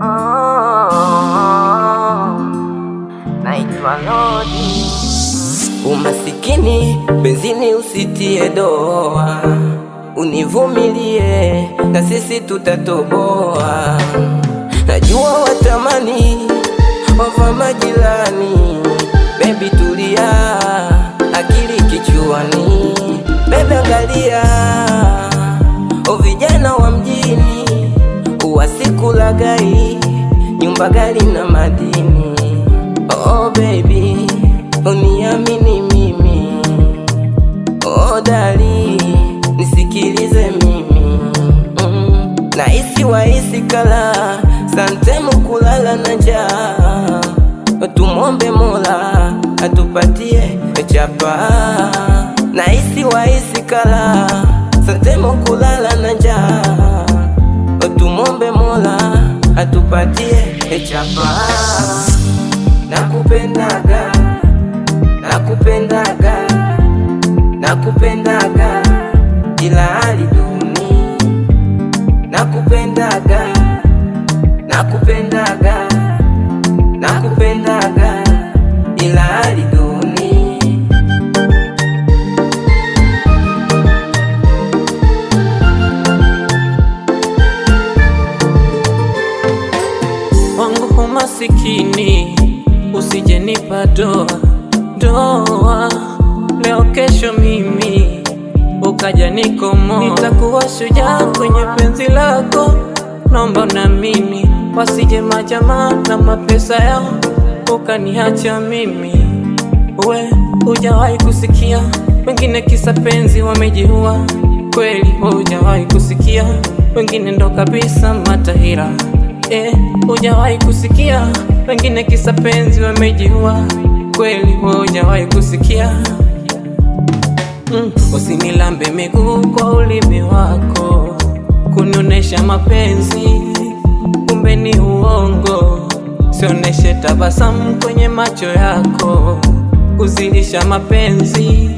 Ah. naitwa Lodi. Umasikini benzini usitie doa, univumilie na sisi tutatoboa. Najua watamani wava majirani, bebi tulia, akili kichwani, bebi angalia kulagai nyumba gali na madini. Oh baby, uniamini mimi. Oh dali, nisikilize mimi mm. na isi waisi kala santemu kulala na njaa, tumombe Mola atupatie chapa na isi waisi kala santemu kulala na njaa atupatie echapa. Nakupendaga, nakupendaga, nakupendaga ila hali duni, nakupendaga madoa doa, leo kesho mimi ukaja nikomoa. Nitakuwa shujaa kwenye penzi lako, naomba na mimi wasije majamaa na mapesa yao ukaniacha mimi. We hujawahi kusikia wengine kisa penzi wamejiua kweli? Hujawahi kusikia wengine ndo kabisa matahira Eh, hujawahi eh, kusikia wengine kisa penzi wamejiua. Kweli wewe hujawahi kusikia? Mm, usinilambe miguu kwa ulimi wako, kunionesha mapenzi kumbe ni uongo. Sioneshe tabasamu kwenye macho yako, kuzidisha mapenzi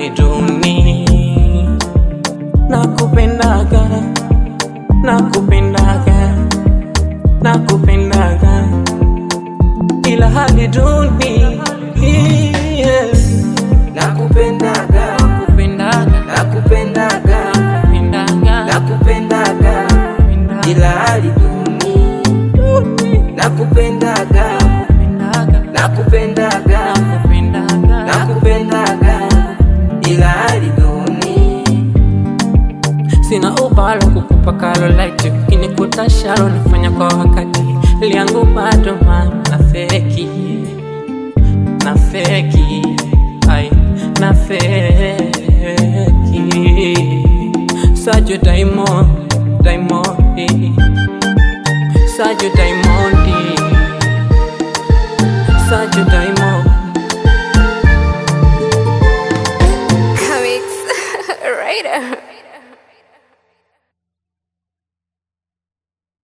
hali duni. Nakupendaga, nakupendaga, nakupendaga ila hali duni Sina ubalo kukupa kalo light, kinikuta shalo nafanya kwa wakati liangu bado mama, na feki na feki ai na feki Sajo Diamond Diamond Sajo Diamond Sajo Diamond Coming Rider